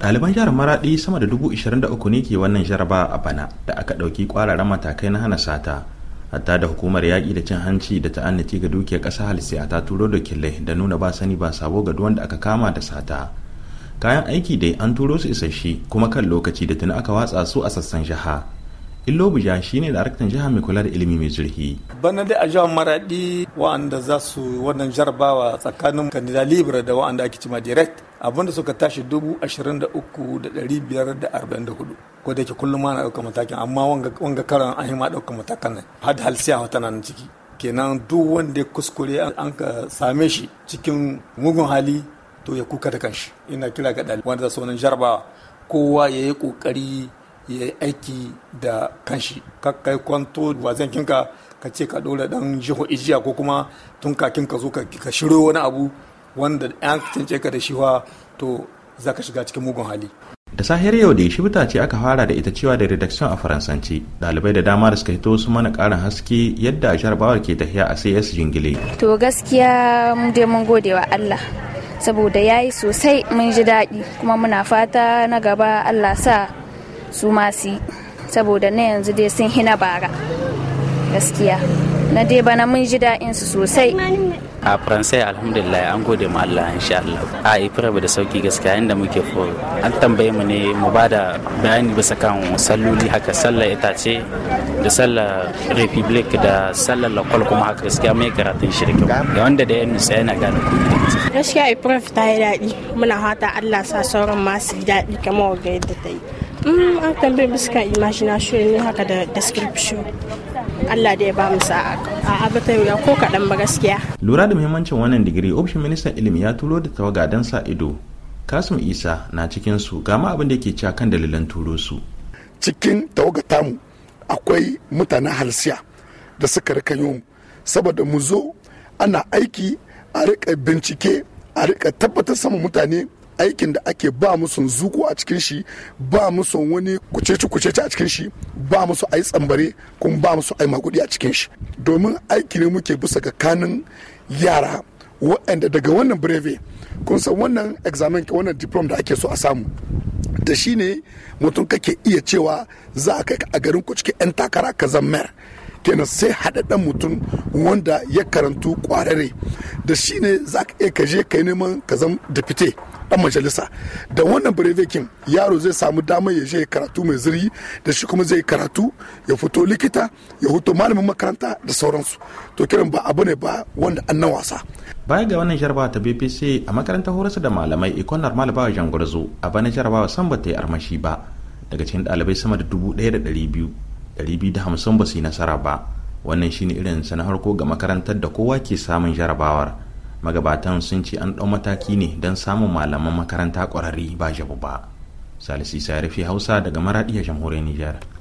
ɗaliban jihar maraɗi sama da dubu ishirin da uku ne ke wannan jaraba a bana da aka ɗauki ƙwararren matakai na hana sata hatta da hukumar yaƙi da cin hanci da ta'annaci ga dukiyar ƙasa a ta turo da kille da nuna ba sani ba sabo ga duwan da aka kama da sata kayan aiki dai an turo su isasshe kuma kan lokaci da tuni aka watsa su a sassan jiha illo shi ne daraktan jiha mai kula da ilimi mai zurfi bana dai a jihar maradi wa'anda za su wannan jarabawa tsakanin kandida libra da wa'anda ake cima direct abinda suka tashi dubu ashirin da uku da dari biyar da arba'in da hudu ko da ke kullum ana ɗaukar matakin amma wanga karan an yi ma ɗaukar matakan nan had halsiya wata nan ciki kenan duk wanda ya kuskure an ka same shi cikin mugun hali to ya kuka da kanshi ina kira ga ɗaliban wanda za su wannan jarabawa kowa ya yi ƙoƙari ya yi aiki da kanshi kakkai kwanto kinka ka ce ka ɗora dan jiho ijiya ko kuma tun kakin ka zo ka shiro wani abu wanda yan cance ka da shi to za ka shiga cikin mugun hali da sahiyar yau da shibita ce aka fara da ita cewa da redaction a faransanci dalibai da dama da suka hito su mana karin haske yadda jarabawar ke tafiya a cs jingile to gaskiya mu dai mun gode wa allah saboda yayi sosai mun ji daɗi kuma muna fata na gaba allah sa su masu saboda na yanzu dai sun hina bara gaskiya na dai bana mun ji daɗin su sosai a faransa alhamdulillah an gode ma Allah insha Allah a ifira da sauki gaskiya inda muke fo an tambaye mu ne mu ba da bayani bisa kan salloli haka sallar itace da sallar republic da sallar lakol kuma haka gaskiya mai karatun shirkin ga wanda da yan sai yana gane gaskiya ifira ta yi daɗi muna fata Allah sa sauran masu daɗi kamar wagga yadda ta yi Mm, an tambaye bisa imagination ne haka da description Allah da ya ba mu sa'a ko kaɗan ba gaskiya. Lura da muhimmancin wannan digiri, ofishin ministan ilimi ya turo da tawaga don sa ido. Kasim Isa na cikin su ga ma abin da ke cakan kan dalilan turo su. Cikin tawaga tamu akwai mutanen halsiya da suka rika yi saboda mu zo ana aiki a rika bincike a rika tabbatar sama mutane aikin da ake ba musu zuko a cikin shi ba musu wani kuceci-kuceci a cikin shi ba musu ai tsambare kuma ba musu ai makudi a cikin shi domin aiki ne muke bisa ga kanin yara waɗanda daga wannan breve kun san wannan examen wannan diplom da ake so a samu da shi ne mutum kake iya cewa za ka a garin ku cikin 'yan takara ka zan mayar kenan sai haɗaɗɗen mutum wanda ya karantu ƙwararre da shi ne za ka iya kaje ka yi neman ka zama da fite dan majalisa da wannan brevekin yaro zai samu damar ya je karatu mai zirgi da shi kuma zai karatu ya fito likita ya huto malamin makaranta da sauransu to kiran ba abu ne ba wanda an wasa baya ga wannan jarabawa ta bbc a makarantar horarsa da malamai ikonar malabawa jangwarzo a bana jarabawa san ba ta yi armashi ba daga cikin ɗalibai sama da dubu ɗaya da ɗari biyu 250 ba su yi nasara ba wannan shine irin na harko ga makarantar da kowa ke samun jarabawar magabatan sun ce an ɗau mataki ne don samun malaman makaranta ƙwararri ba jabu ba salisi ya rufe hausa daga maraɗiyar jamhuriyar Niger.